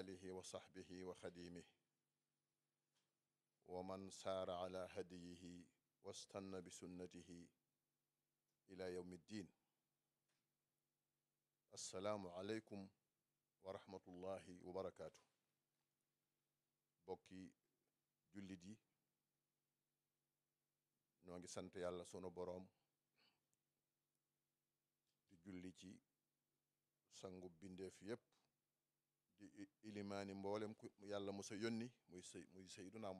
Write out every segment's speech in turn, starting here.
alihi wa sahbihi wa xadimihi wa man saara ala hadiyihi wastanna bi sunnatihi ila yawmi ddin assalaamu aleykum wa rahmatullahi wa barakaatu bokki jullit yi noo ngi sant yàlla sunu boroom di julli ci sangu bindeef yépp di ilimaani mboolem ku yàlla mos a muy say muy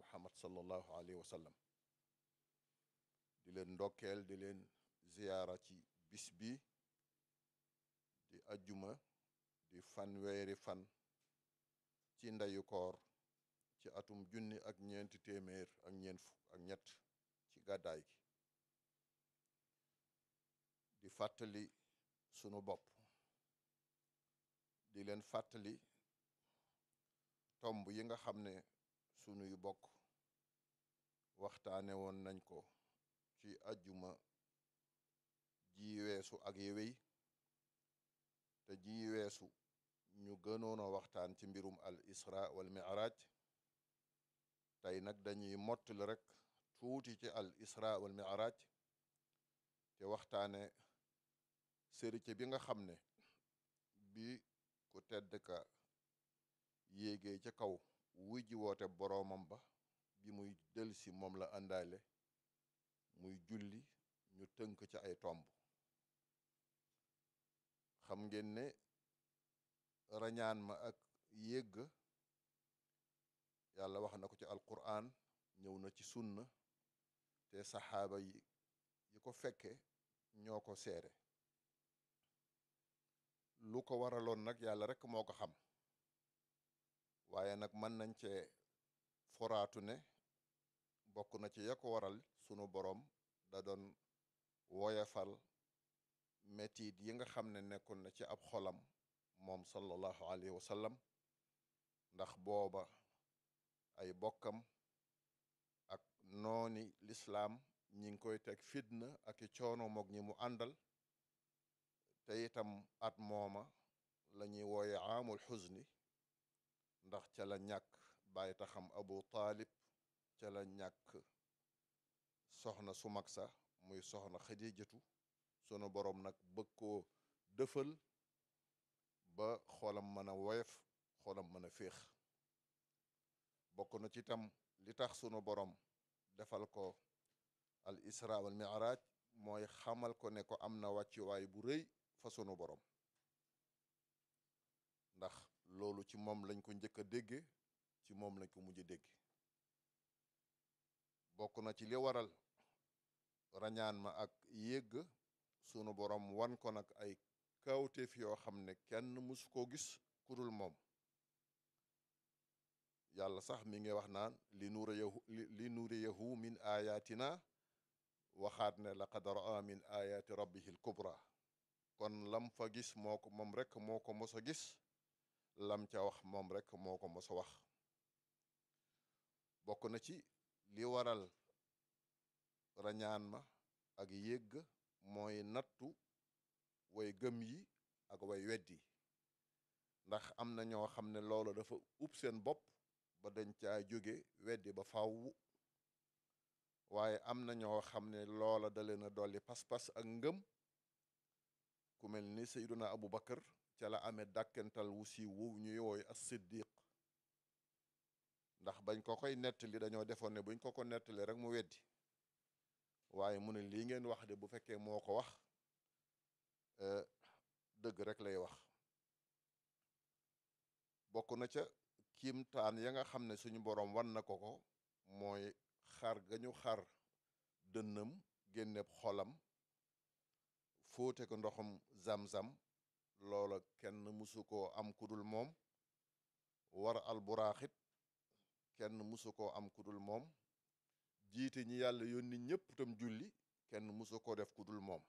muhammad sallallahu alayhi wa di leen ndokkel di leen ziyaara ci bis bi di ajjuma di fanweeri fan ci ndeyu koor ci atum junni ak ñeenti téeméer ak ñeent ci gàddaay gi di fàttali sunu bopp di leen fàttali tomb yi nga xam ne sunu bokk waxtaane woon nañ ko ci ajjuma ji weesu ak te jiweesu ñu gënoon waxtaan ci mbirum al isra wal mi'raj tey nag dañuy mottil rekk tuuti ci al isra wal mi'raj te waxtaane sérité bi nga xam ne bi ku tedd ka yéegee ca kaw wuji ji woote boroomam ba bi muy del si moom la àndaale muy julli ñu tënk ca ay tomb xam ngeen ne rañaan ma ak yégg yàlla wax na ko ci alquran ñëw na ci sunna te saxaaba yi yi ko fekke ñoo ko seere lu ko waraloon nag yàlla rekk moo ko xam waaye nag mën nañ cee foraatu ne bokk na ci ya ko waral sunu borom da doon woyafal métit yi nga xam ne nekkoon na ci ab xolam moom sallallahu alayhi wa ndax booba ay bokkam ak nooni lislaam ñi ngi koy teg fitna ak i coono moog ñi mu àndal te itam at mooma la ñuy wooye aamul xuzni ndax ca la ñàkk bàyyi taxam abu taalib ca la ñàkk soxna su mag sa muy soxna xadijatu sunu borom nag bëg koo dëfal ba xoolam mën a woyof xoolam mën a féex bokk na ci tam li tax sunu borom defal ko al isra wal mi'raj mooy xamal ko ne ko am na wàccuwaay bu rëy fa sunu borom ndax loolu ci moom lañ ko njëkk a dégge ci moom lañ ko mujj a dégg bokk na ci li waral rañaan ma ak yégg sunu borom wan ko nag ay kawteef yoo xam ne kenn mësu koo gis ku moom yàlla sax mi ngi wax naan li nuriyahu li nuriyahu min ayatina waxaat ne laqad raa min ayati rabbihi al kubra kon lam fa gis moo moom rek moo ko mos a gis lam ca wax moom rek moo ko mosa wax bokk na ci li waral rañaan ma ak yëgg mooy nattu way gëm yi ak way weddi ndax am na ñoo xam ne loolu dafa ub seen bopp ba dañ caa jóge weddi ba faw waaye am na ñoo xam ne loola da leen a dolli pas-pas ak ngëm ku mel ni na Abu Bakar ca la amee dàkkental wu siiw woowu ñu yooyu as siddiq ndax bañ ko koy nettali dañoo defoon ne buñ ko ko nettali rek mu weddi waaye mu ne lii ngeen wax de bu fekkee moo ko wax e, dëgg rek lay wax bokk na ca taan ya nga xam ne suñu boroom wan na ko ko mooy xar ga xar dënnam génneb xolam fóote ko ndoxum zam-zam loola kenn musu koo am kudul moom war al buraaxit kenn musu koo am kudul moom jiite ñi yàlla yónni ñëpp tam julli kenn musu koo def kudul moom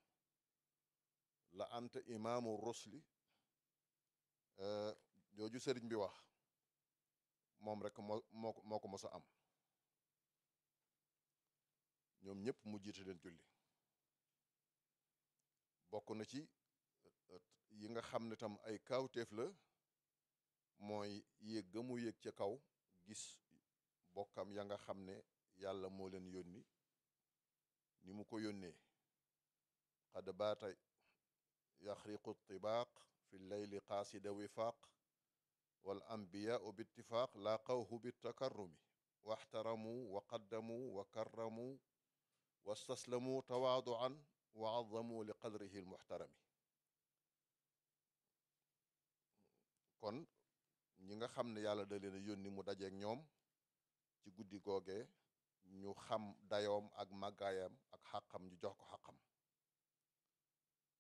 la anta imaamu rusli euh, jooju sëriñ bi wax moom rek moo moo a am ñoom ñépp mu jiite leen julli bokk na ci euh, yi nga xam ne tam ay kaawteef la mooy yéeg ga mu yéeg ca kaw gis bokkam ya nga xam ne yàlla moo leen yónni ni mu ko yónnee xad baata yaxriqu tibaaq fi leyli qaasida wifaaq wal anbiyaau bittifaaq laaqawhu bitakarrumi waxtaramu wa qaddamu wa karramu wastaslamu tawaaduan wa azamu li qadrihi almuxtarami kon ñi nga xam ne yàlla da leen a yónni mu dajeek ñoom ci guddi googe ñu xam dayom ak màggaayam ak xàqam ñu jox ko xàqam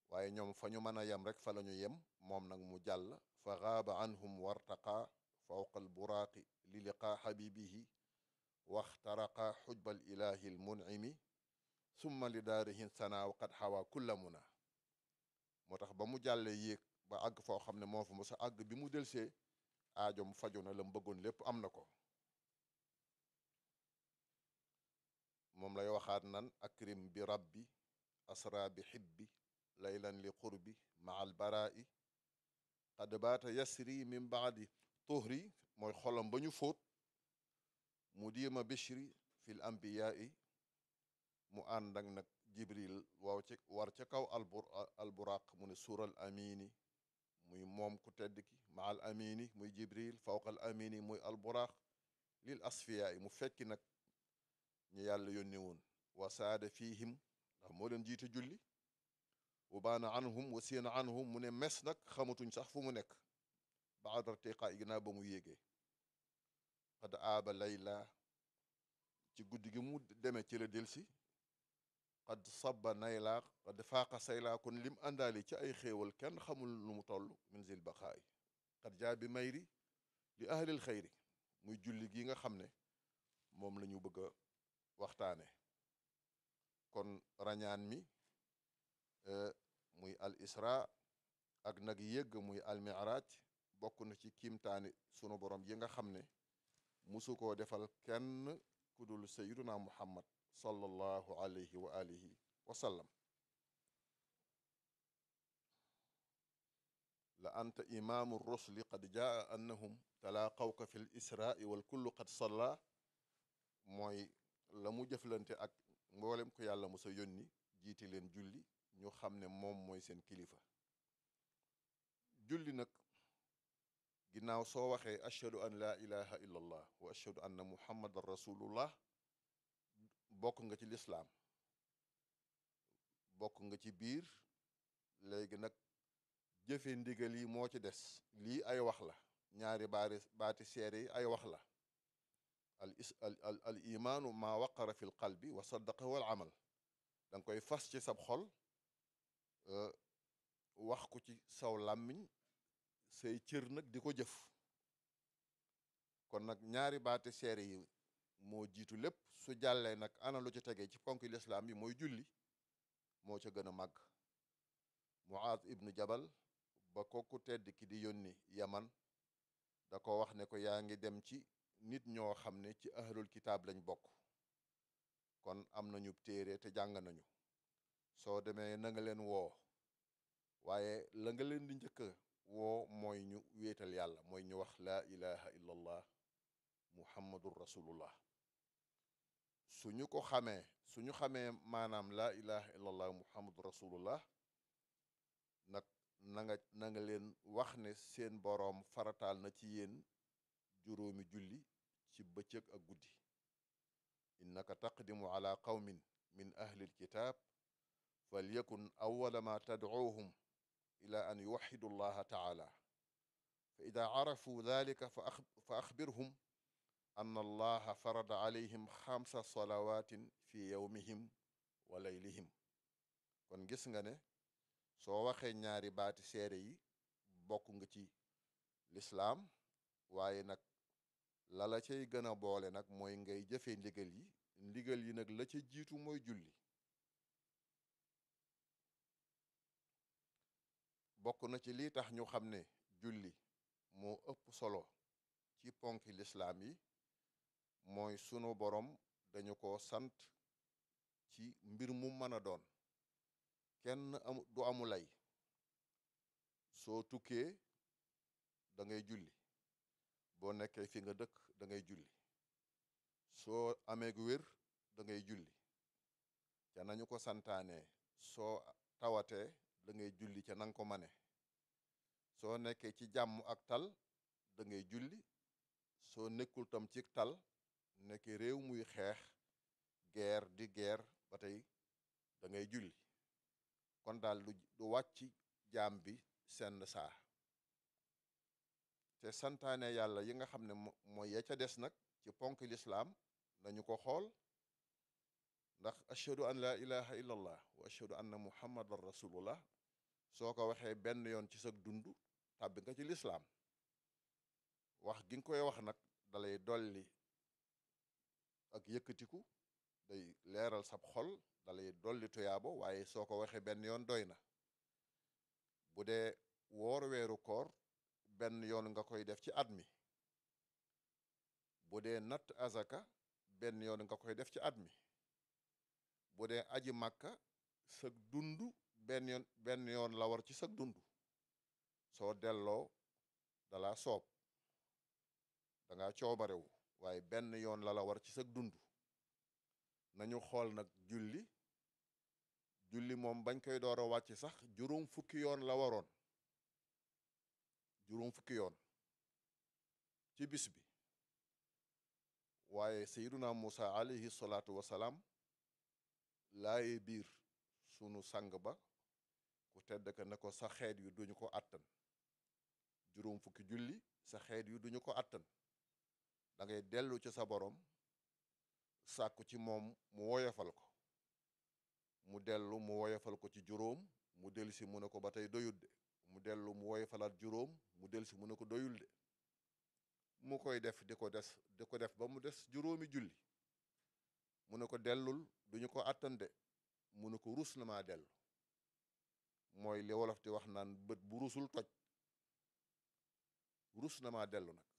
waaye ñoom fa ñu mën a yem rek fa la ñu yem moom nag mu jàll fa gaaba anhum wartaqa fawqa alburaaqi li liqa xabibihi waxtaraqa xujbal ilahi almunimi summa li daarihin sana waqad xawa kulla muna moo tax ba mu jàlle yéeg ba àgg foo xam ne moo fa mos a àgg bi mu delsee aajom faju na la mu bëggoon lépp am na ko moom lay waxaat nan akrim bi rabbi asra bi xibbi laylan li qurbi ma al baraa'i qad yasri min baadi tuhri mooy xolam ba ñu fóot mu diima bishri fi l ambiyaa'i mu ànd ak nag jibril waaw ci war ca kaw alburaaq mu ne suural muy moom ku tedd ki ma al amini muy jibril fawqa al amini yi alburaax lil asfiyaa mu fekki nag ñu yàlla yónni woon wa saada fihim ndax moo leen jiite julli wa baana anhum wa siina anhum mu ne mes nag xamatuñ sax fu mu nekk baadar tiqa i ginnaaw ba mu yéegee qad aaba layla ci guddi gi mu demee ci la delsi xad sabba naylaa xad faaqa saylaa kon lim àndaale ci ay xéewal kenn xamul nu mu toll min zil baxaay xad jaa bi mayri li ahlil xayri muy julli gi nga xam ne moom lañu ñu bëgg a waxtaane kon rañaan mi e, muy al isra ak nag yëgg muy al miraaj bokk na ci kiimtaani sunu borom yi nga xam ne musu koo defal kenn ku dul sayyiduna muhammad sallallahu alayhi wa alihi wa la anta imaamu rusli qad jaa annahum talaaqawka fi l israai wal qad salla mooy la mu jëflante ak mboolem ko yàlla musa yónni jiite leen julli ñu xam ne moom mooy seen kilifa julli nag ginnaaw soo waxee ashhadu an laa ilaha illa allah wa muhammadan rasulullah bokk nga ci lislaam bokk nga ci biir léegi nag jëfe ndigal yi moo ci des lii ay wax la ñaari baati seere yi ay wax la al imaanu ma waqara fi l qalbi wa saddaqa wal amal da koy fas ci sab xol euh, wax ko ci saw làmmiñ say cir nag di ko jëf kon nag ñaari baati seere yi moo jiitu lépp su jàllee nag ana lu ci tegee ci ponk lislaam yi mooy julli moo ca gën a màgg Muaaz ibnu Jabal ba kooku tedd ki di yónni Yaman da ko wax ne ko yaa ngi dem ci nit ñoo xam ne ci ahlul kitaab lañ bokk kon am nañu téere te jàng nañu soo demee na leen woo waaye la nga leen di njëkka woo mooy ñu wéetal yàlla mooy ñu wax laa ilaha illallah muhammadun rasulullah suñu ko xamee suñu xamee maanaam laa la illallah muhammadu rasulullah nag na nga na nga leen wax ne seen boroom farataal na ci yéen juróomi julli ci bëccëg ak guddi innaka taqdimu ala qawmin min ahli alkitab falyakun awala ma tadcuuhum ila an yuwaxidu allaha taala fa ida carafuu dalika fa axbirhum an allaha farada alayhim xamsa salawatin fi yawmihim wa laylihim kon gis nga ne soo waxee ñaari baati seere yi bokk nga ci lislaam waaye nag la la cay gën a boole nag mooy ngay jëfe ndigal yi ndigal yi nag la ca jiitu mooy julli bokk na ci li tax ñu xam ne julli moo ëpp solo ci ponk lislaam yi mooy sunu borom dañu ko sant ci mbir mu mën a doon kenn amu du amu lay soo tukkee da julli boo nekkee fi nga dëkk da ngay julli soo amee gu wér da julli ca nañu ko santaane soo tawatee da julli ca nanga ko mane soo nekkee ci jàmm ak tal da julli soo nekkul tam ci tal nekk réew muy xeex guerre di guerre ba tey da ngay julli kon daal du du wàcc jaam bi senn saa te santaane yàlla yi nga xam ne mooy ya ca des nag ci ponk lislaam nañu ko xool ndax ashhadu an la ilaha illa allah wa ashhadu anna muhammadan rasulullah soo ko waxee benn yoon ci sag dund tàbbi nga ci lislaam wax gi koy wax nag dalay dolli ak yëkkatiku day leeral sab xol dalay dolli tuyaabo waaye soo ko waxee benn yoon doy na bu dee woor weeru koor benn yoon nga koy def ci at mi bu dee natt azaka benn yoon nga koy def ci at mi bu dee aji màkka sag dund benn yoon benn la war ci sag dund soo delloo dala soob da ngaa coobarewu waaye benn yoon la la war ci sag dund nañu xool nag julli julli moom bañ koy door a wàcc sax juróom fukki yoon la waroon juróom fukki yoon ci bis bi waaye sayyiduna Musa alayhi salaatu wasalaam laaye biir sunu sang ba ku tedd ka ne ko sa xeet yu duñu ko àttan juróom fukki julli sa xeet yu duñu ko àttan da dellu ci sa borom sàkku ci moom mu woyofal ko mu dellu mu woyofal ko ci juróom mu dellu si mu ne ko ba tey doyul de mu dellu mu woyofalaat juróom mu dellu si mu ne ko doyul de mu koy def di ko des di ko def ba mu des juróomi julli mu ne ko dellul duñu ko àttan de mu ne ko rus na maa dellu mooy li wolof wax naan bët bu rusul toj rus na ma dellu nag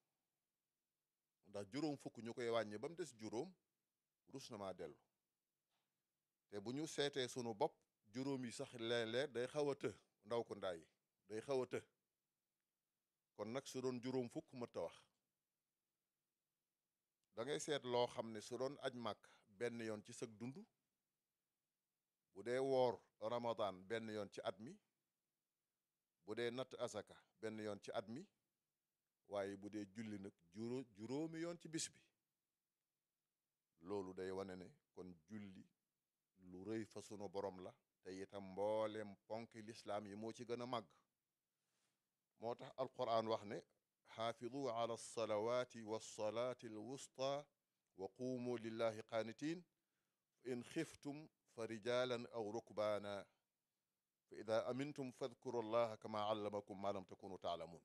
ndax juróom fukk ñu koy wàññi ba mu des juróom rus na maa dellu te bu ñu seetee sunu bopp juróom yi sax léeg-léeg day xaw a të ndaw ko ndaa day xaw a kon nag su doon juróom fukk mët wax dangay seet loo xam ne su doon aj màkk benn yoon ci sag dund bu dee woor ramadan benn yoon ci at mi bu dee natt asaka benn yoon ci at mi waaye bu dee julli nag juróo juróomi yoon ci bis bi loolu day wane ne kon julli lu rëy fa sunu borom la te itam mboolem ponk lislaam yi moo ci gën a màgg moo tax alquran wax ne xaafidu ala alsalawati walsalaati alwusta wa quumu lillahi qaanitin fa in xiftum fa rijalan aw rukbaana fa ida amintum fadkuru allaha kama allamakum ma lam takunu taalamuun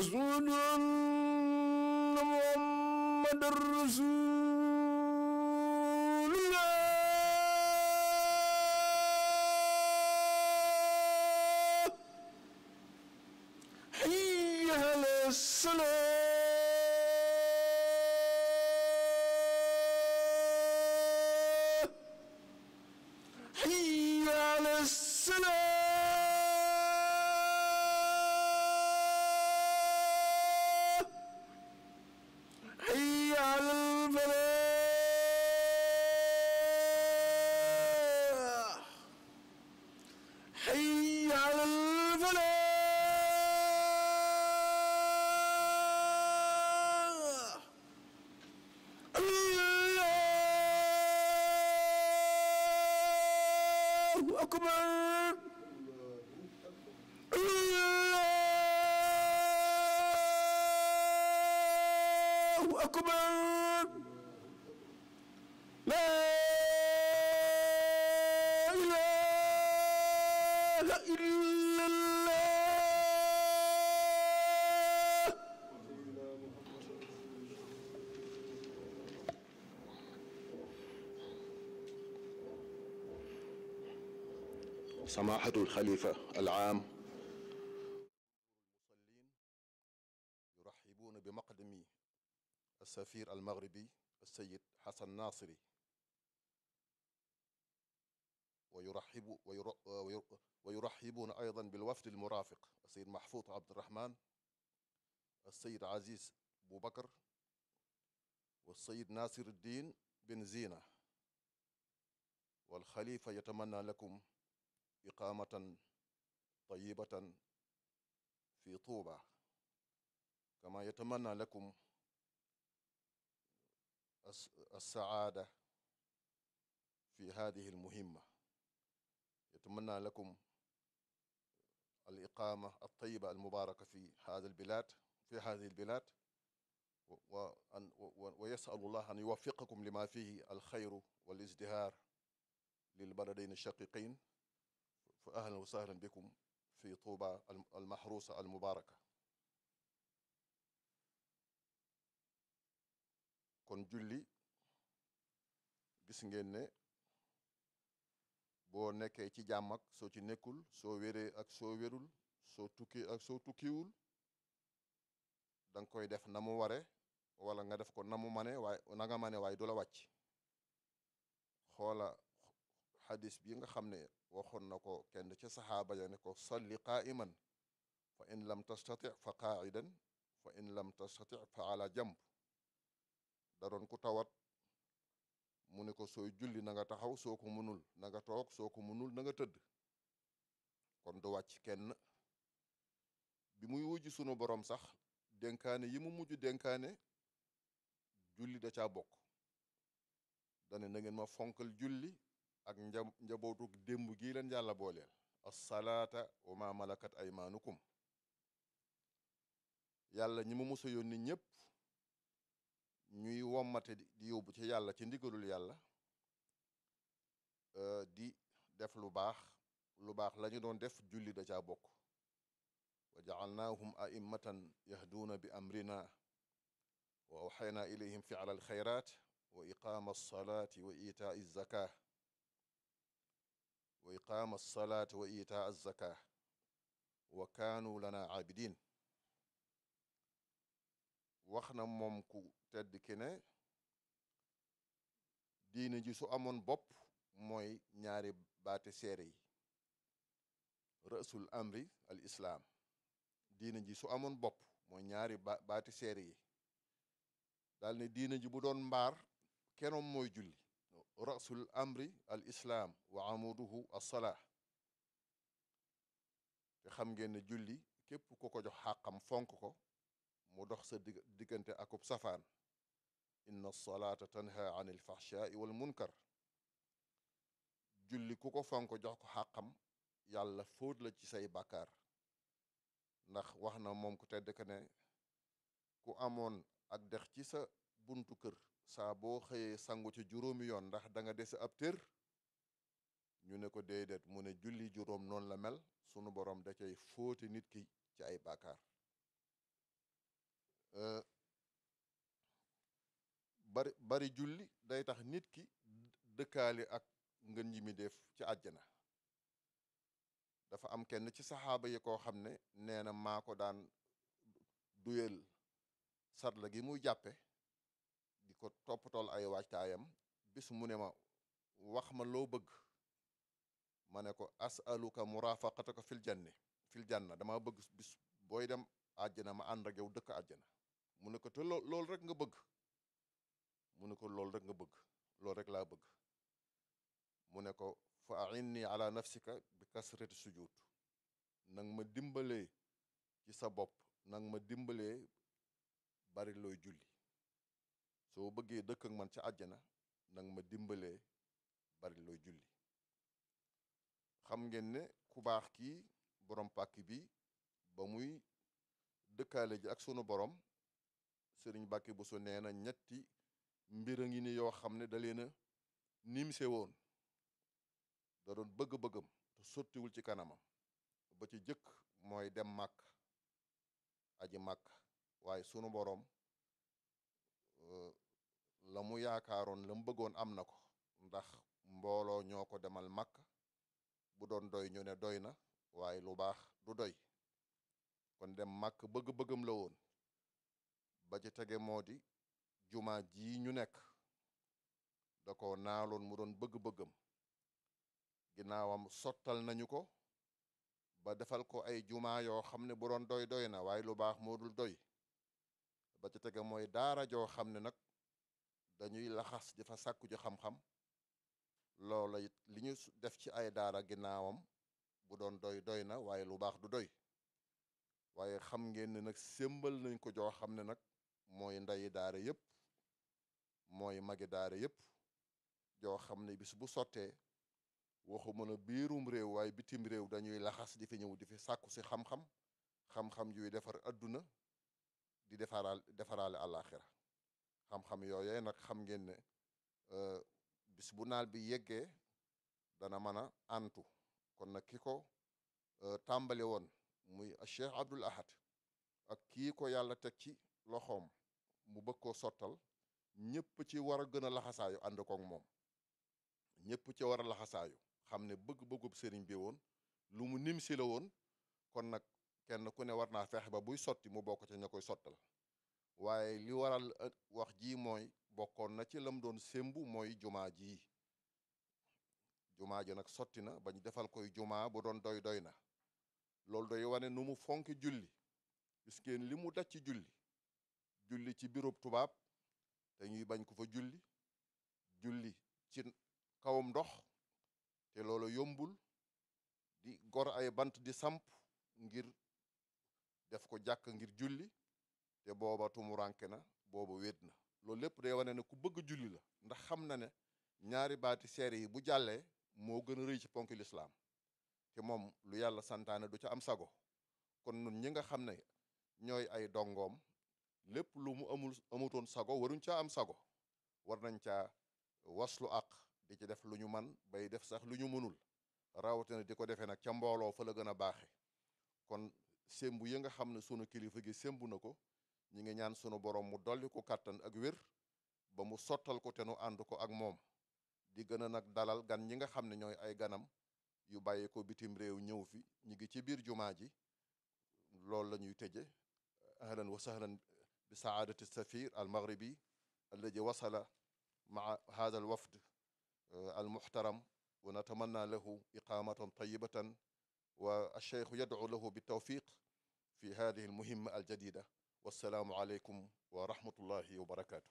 ashhadu anna muhammadar rasul أكبر لا إله إلا الله سماحة الخليفة العام السفير المغربي السيد حسن ناصري ويرحب ويرحبون أيضا بالوفد المرافق السيد محفوظ عبد الرحمن السيد عزيز أبو بكر والسيد ناصر الدين بن زينة والخليفة يتمنى لكم إقامة طيبة في طوبة كما يتمنى لكم السعادة في هذه المهمة يتمنى لكم الإقامة الطيبة المباركة في هذا البلاد في هذه البلاد وأن ويسأل الله أن يوفقكم لما فيه الخير والازدهار للبلدين الشقيقين فأهلا وسهلا بكم في طوبى المحروسة المباركة kon julli gis ngeen ne boo nekkee ci jàmm ak soo ci nekkul soo wéree ak soo wérul soo tukki ak so tukkiwul da koy def na mu ware wala nga def ko na mu mane waaye na nga mane waaye du la wàcc xoola xadis bi nga xam ne waxoon na ko kenn ci saxaaba ya ne ko salli qaa'iman fa in lam tastati fa qaa'idan fa in lam tastati fa ala jamb da doon ku tawat mu ne ko sooy julli nanga taxaw soo ko mënul na nga toog soo mënul na tëdd kon du wàcc kenn bi muy wujj sunu borom sax dénkaane yi mu mujj dénkaane julli da caa bokk dane na ngeen ma fonkal julli ak nja njabootu démb gii leen yàlla booleel assalaata wa ma malakat aymaanukum yàlla ñi ma mos a ñëpp ñuy wommate di yóbbu ci yàlla ci ndigalul yàlla euh, di def lu baax lu baax lañu doon def julli da caa bokk wa jacalnaahum a'immatan yahduuna bi amrina wa awxaynaa ilayhim ficla alxayraat wa iqaama alsalaati wa itaa alzakaa wa iqaama lana caabidin wax na moom ku tedd ki ne diine ji su amoon bopp mooy ñaari baate seere yi rasul amri al islaam diine ji su amoon bopp mooy ñaari baati seere yi daal ne diine ji bu doon mbaar kenoom mooy julli rasul amri al islaam wa amuduhu assalaa te xam ngeen ne julli képp ku ko jox xàqam fonk ko mu dox sa diggante akub safaan inna salaata tanha anil fahshaai wal munkar julli ku ko fonk jox ko xàqam yàlla fóot la ci say bàkkaar ndax wax na moom ku tedd ka ne ku amoon ak dex ci sa buntu kër saa boo xëyee sangu ci juróomi yoon ndax danga nga dese apter ñu ne ko déedéet mu ne julli juróom noonu la mel sunu borom da cay fóoti nit ki ci ay bàkkaar bari julli day tax nit ki dëkkaale ak ngën ji ci àjjana dafa am kenn ci saxaaba yi koo xam ne nee na maa ko daan duyel sarla gi muy jàppe di ko toppatool ay waajtaayam bis mu ne ma wax ma loo bëgg ma ne ko asaluka ko fil janni fil na dama bëgg bis booy dem àjjana ma ànd ak yow dëkk àjjana mu ne ko te loo loolu rek nga bëgg mu ne ko loolu rek nga bëgg loolu rek laa bëgg mu ne ko fa ainni ala nafsika bi kasrati sujud nang ma dimbalee ci sa bopp nang ma dimbalee bari looy julli soo bëggee dëkk ak man ci àjjana nang ma dimbalee barilooy julli xam ngeen ne ku baax kii borom pàkk bi ba muy dëkkaale ji ak sunu borom sëriñ Mbàkke Bousso nee na ñetti mbir a ngi ni yoo xam ne da leen a nimse woon da doon bëgg ci kanamam ba ci jëkk mooy dem màkk aji màkk waaye sunu boroom euh, la mu yaakaaroon la bëggoon am na ko ndax mbooloo ñoo ko demal màkk bu doon doy ñu ne doy na waaye lu baax du doy kon dem màkk bëgg-bëggam la woon ba ci tege moo di jumaa ji ñu nekk da ko naaloon mu doon bëgg-bëggam ginnaawam sottal nañu ko ba defal ko ay jumaa yoo xam ne bu doon doy doy na waaye lu baax moo doy ba ci tege mooy daara joo xam ne nag dañuy laxas di fa sàkku ji xam-xam loola li ñu def ci ay daara ginnaawam bu doon doy doy na waaye lu baax du doy waaye xam ngeen ne nag sémbal nañ ko joo xam ne nag mooy ndayi daara yëpp mooy magi daara yëpp joo xam ne bis bu sottee waxu mën a biirum réew waaye bitim réew dañuy laxas di fi ñëw di fi sàkku si xam-xam xam-xam yuy defar adduna di defaraal defaraale àllaaxira xam-xam yooyee nag xam ngeen ne euh, bis bu naal bi yeggee dana mën a antu kon nag ki ko euh, tàmbali woon muy Cheikh Abdoul Ahad ak kii ko yàlla teg ci loxoom mu bëgg koo sottal ñëpp ci war a gën a laxasaayu ànd koog moom ñëpp ci war a laxasaayu xam ne bëgg-bëggub bi woon lu mu nim woon kon nag kenn ku ne war naa fexe ba buy sotti mu bokk ca ña koy sottal waaye li waral e, wax ji mooy bokkoon na ci lam doon sembu mooy jumaa ji jumaa ji nag sotti na bañ defal koy jumaa bu doon doy doy na loolu doy wane nu mu fonk julli gis li mu daj ci julli julli ci birub tubaab te ñuy bañ ko fa julli julli ci kawam ndox te loolu yombul di gor ay bant di samp ngir def ko jàkk ngir julli te booba tumuranke na booba wéet na loolu lépp day wane ne ku bëgg julli la ndax xam na ne ñaari baati seere yi bu jàllee moo gën a rëy ci ponk lislaam te moom lu yàlla santaane du ca am sago kon nun ñi nga xam ne ñooy ay dongoom lépp lu mu amul amutoon sago waruñ caa am sago war nañ caa waslu àq di ci def lu ñu man bay def sax lu ñu mënul rawatina di ko defee nag ca mbooloo fa la gën a baaxe kon sembu yi nga xam ne sunu kilifa gi sembu na ko ñi ngi ñaan sunu borom mu dolli ko kattan ak wér ba mu sottal ko tenu nu ànd ko ak moom di gën a nag dalal gan ñi nga xam ne ñooy ay ganam yu bàyyi ko bitim réew ñëw fi ñu ngi ci biir jumaa ji loolu la ñuy tëje ahlan wa sahlan بسعادة السفير المغربي الذي وصل مع هذا الوفد المحترم ونتمنى له إقامة طيبة والشيخ يدعو له بالتوفيق في هذه المهمة الجديدة والسلام عليكم ورحمة الله وبركاته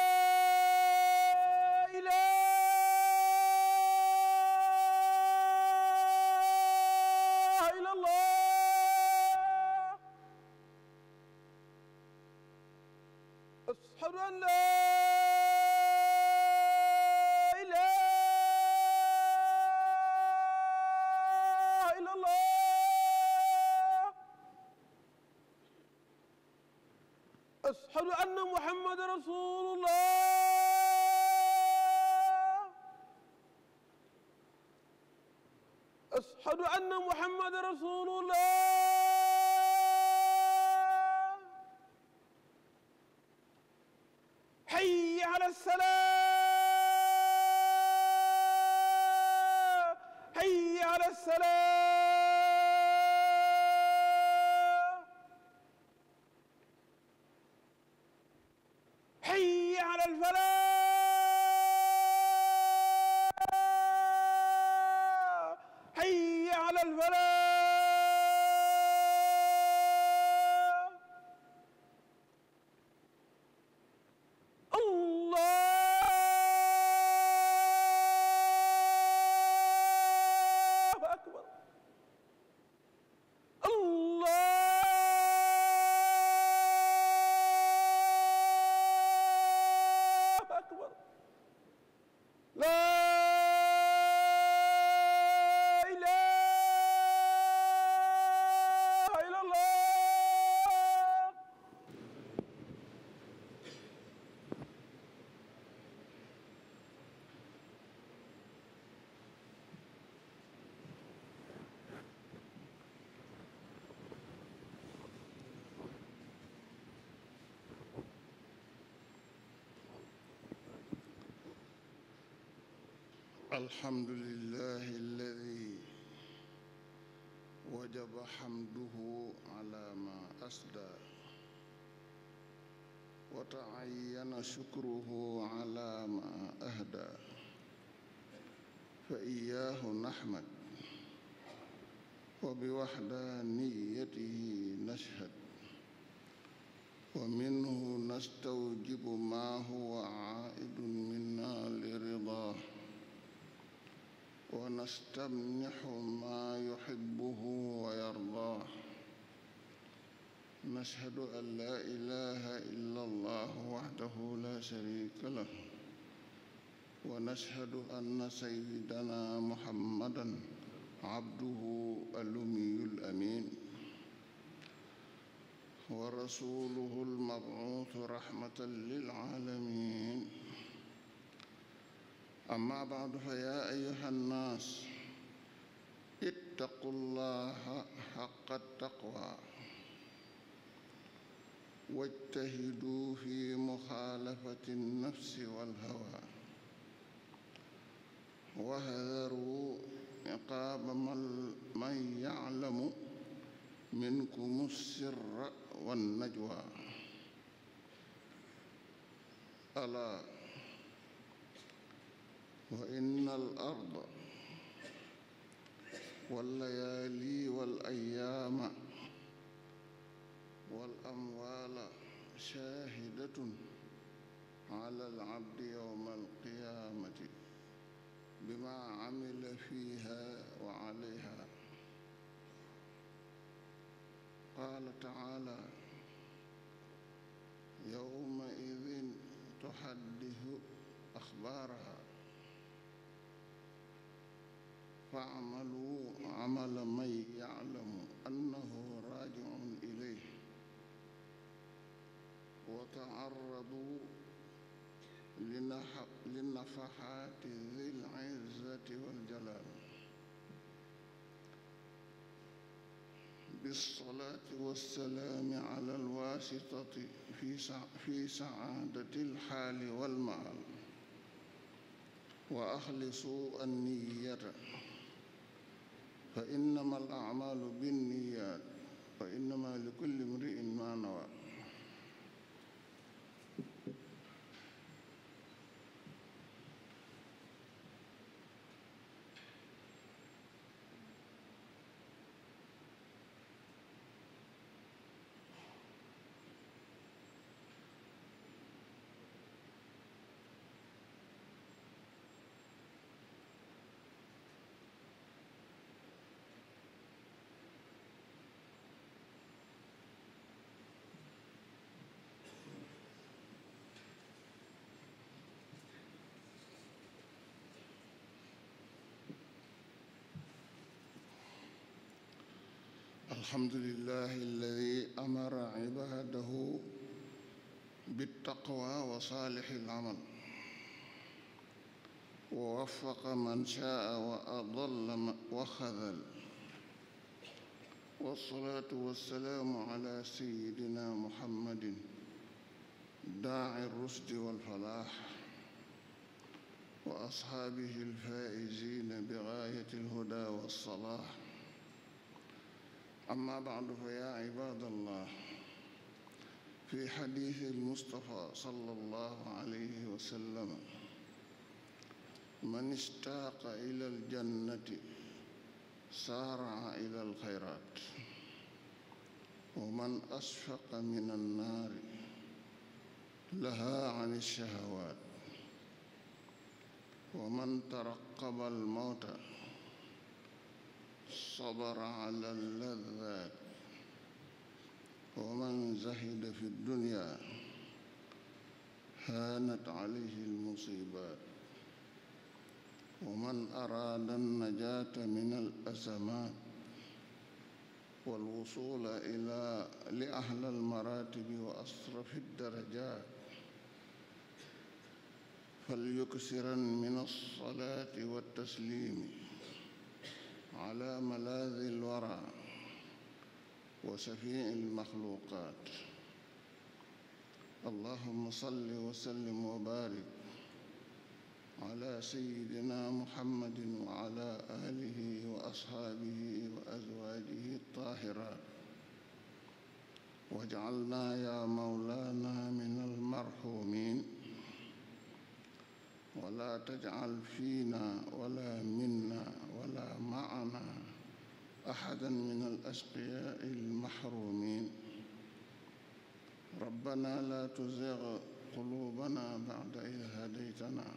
محمد رسول الله أشهد أن محمد رسول الله حي على السلام حي على السلام الفلاح حي على الفلاح الحمد لله الذي وجب حمده على ما أسدى وتعين شكره على ما أهدى فإياه نحمد وبوحدانيته نشهد ومنه نستوجب ما هو عائد منا ونستمنح ما يحبه ويرضاه نشهد أن لا إله إلا الله وحده لا شريك له ونشهد أن سيدنا محمدا عبده الأمي الأمين ورسوله المبعوث رحمة للعالمين أما بعد فيا أيها الناس اتقوا الله حق التقوى واجتهدوا في مخالفة النفس والهوى واحذروا عقاب من يعلم منكم السر والنجوى ألا وإن الأرض والليالي والأيام والأموال شاهدة على العبد يوم القيامة بما عمل فيها وعليها قال تعالى يومئذ تحدث أخبارها فاعملوا عمل من يعلم أنه راجع إليه وتعرضوا لنفحات ذي العزة والجلال بالصلاة والسلام على الواسطة في في سعادة الحال والمال وأخلصوا النية fa innama al amalu binniyaat wa innama likulli imri'in ma nawa الحمد لله الذي أمر عباده بالتقوى وصالح العمل ووفق من شاء وأضل وخذل والصلاة والسلام على سيدنا محمد داعي الرشد والفلاح وأصحابه الفائزين بغاية الهدى والصلاح أما بعد فيا عباد الله في حديث المصطفى صلى الله عليه وسلم من اشتاق إلى الجنة سارع إلى الخيرات ومن أشفق من النار لها عن الشهوات ومن ترقب الموت صبر على اللذات ومن زهد في الدنيا هانت عليه المصيبات ومن أراد النجاة من الأسمات والوصول إلى لأحلى المراتب وأصرف الدرجات فليكسرا من الصلاة والتسليم على ملاذ الورى وشفيع المخلوقات اللهم صل وسلم وبارك على سيدنا محمد وعلى اله واصحابه وازواجه الطاهرات واجعلنا يا مولانا من المرحومين ولا تجعل فينا ولا منا ولا معنا أحدا من الأشقياء المحرومين ربنا لا تزغ قلوبنا بعد إذ هديتنا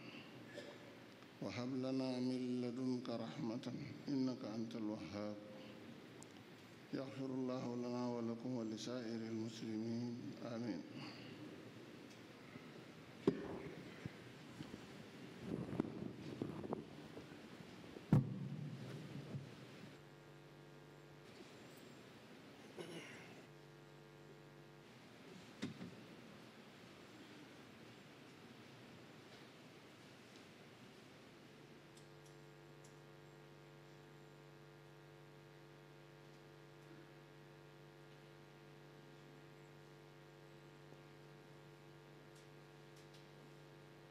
وهب لنا من لدنك رحمة إنك أنت الوهاب يغفر الله لنا ولكم ولسائر المسلمين آمين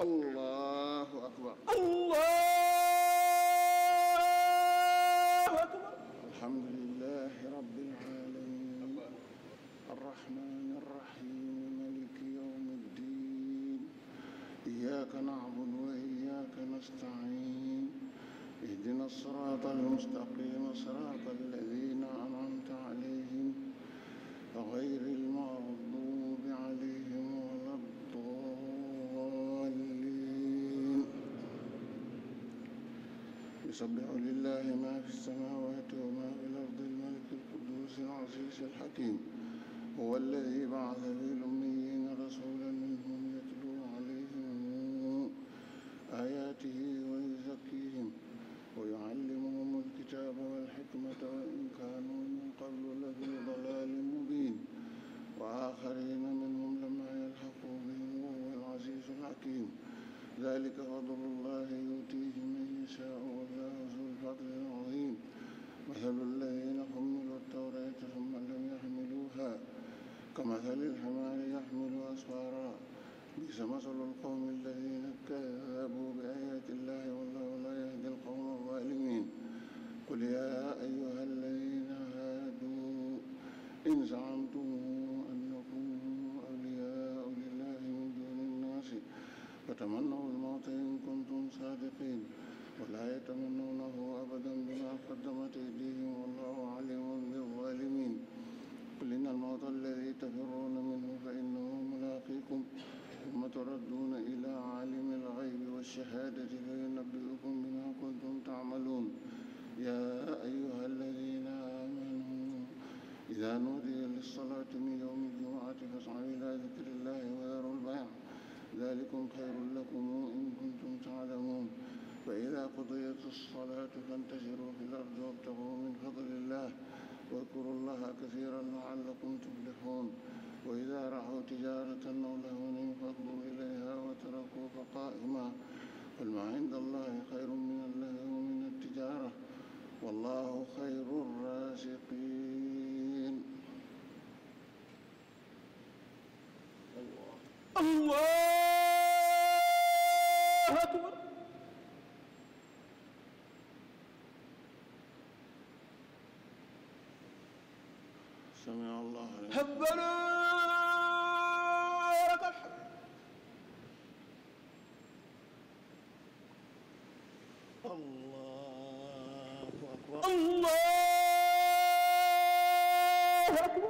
الله أكبر الله يسبح لله ما في السماوات وما في الأرض الملك القدوس العزيز الحكيم هو الذي بعث في الله أكبر سمع الله ربنا لك الحمد الله أكبر الله أكبر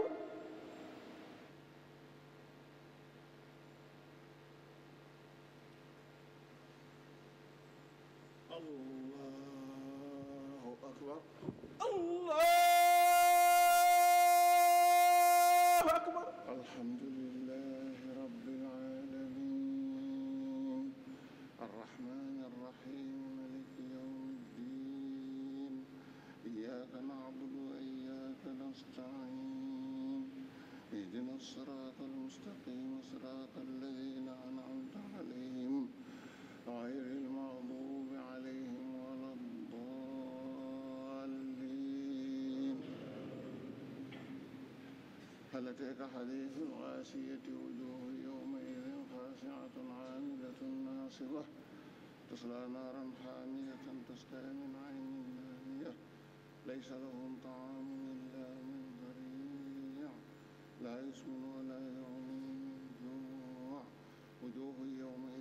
أهلكتك حديث الغاشية وجوه يومئذ خاشعة عاملة ناصبة تصلى نارا حامية تسقى من عين آنية ليس لهم طعام إلا من ضريع لا يسمن ولا يغني من جوع وجوه يومئذ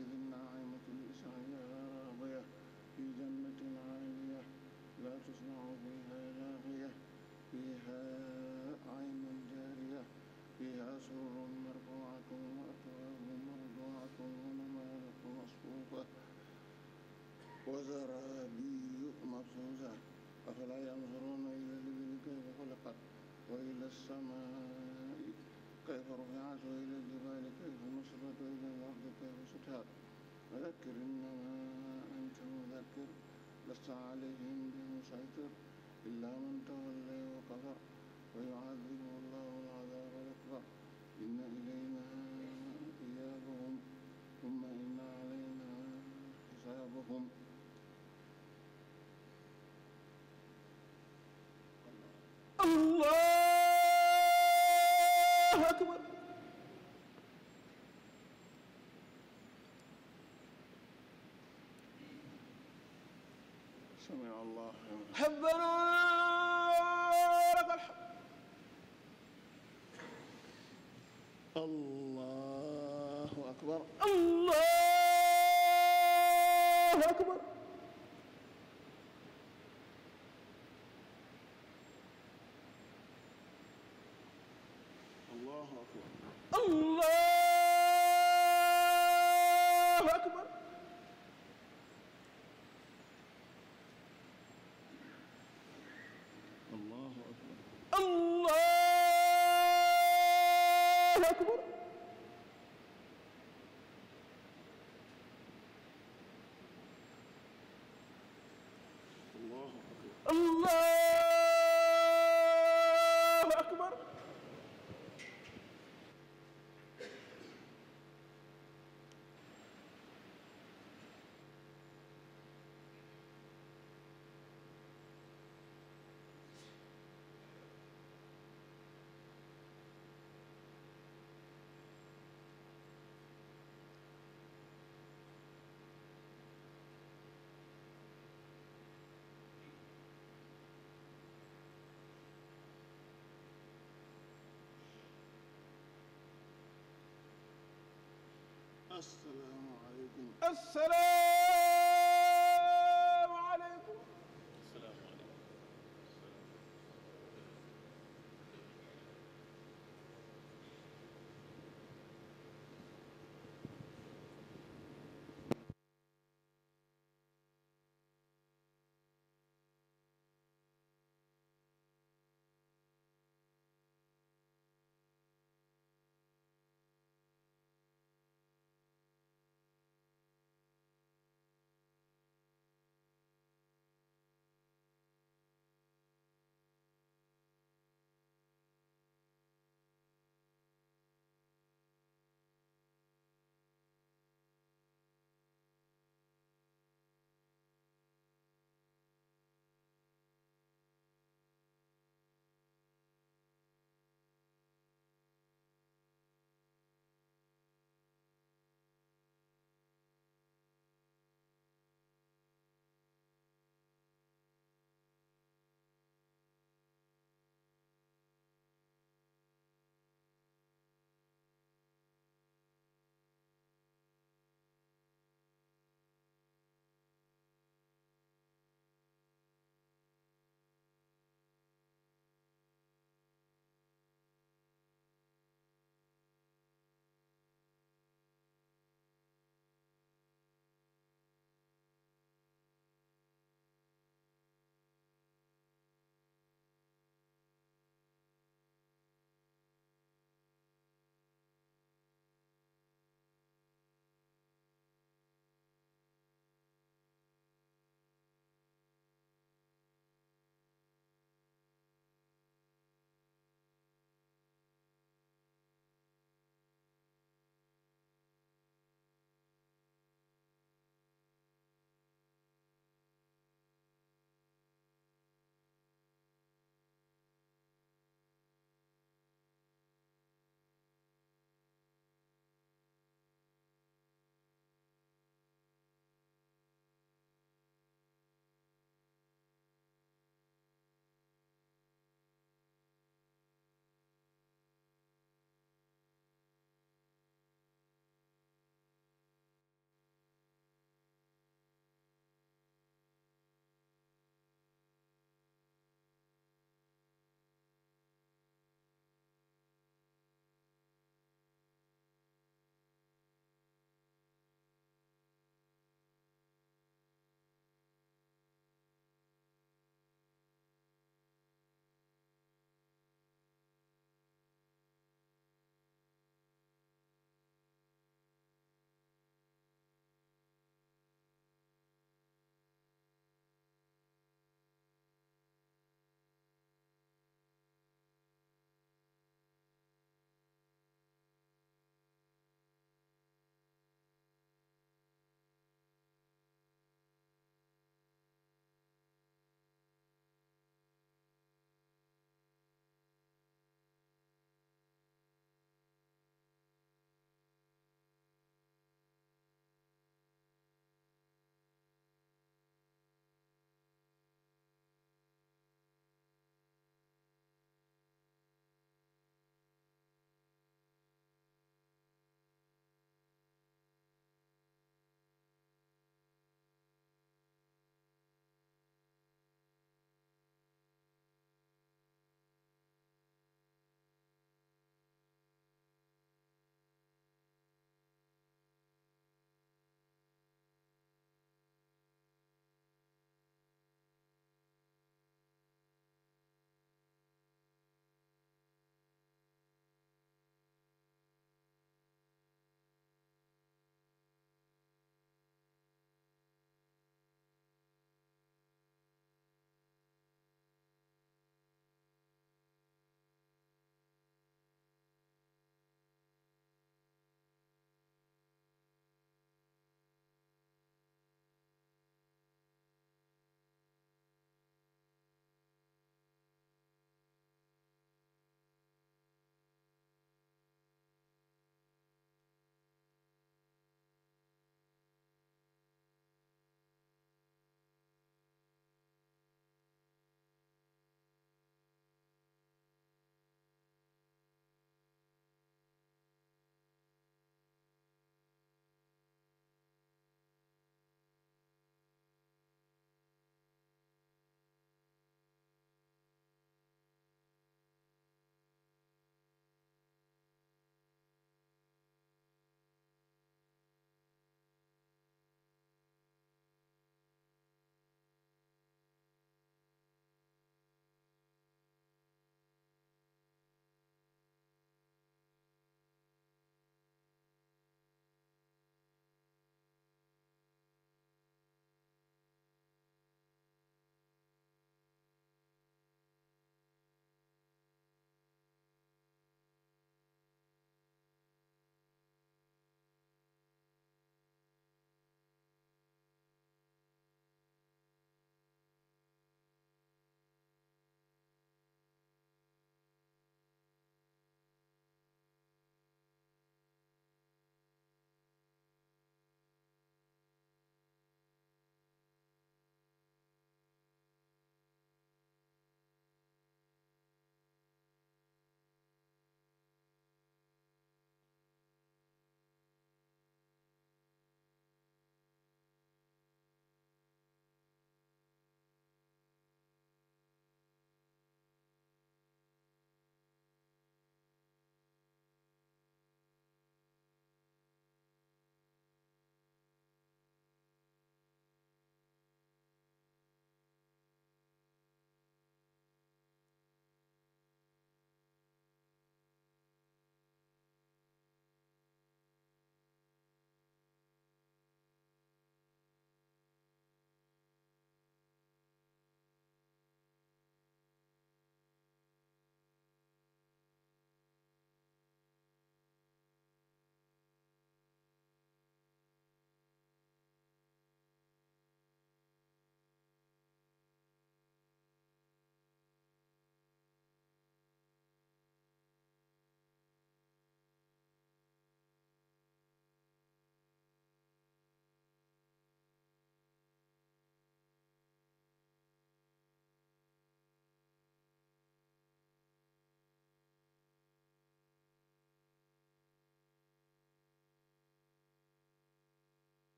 akbar sami allah rabbana lakal hamd allahu akbar allahu akbar Allahu akbar asalaamaaleykum. asalaamaaleykum.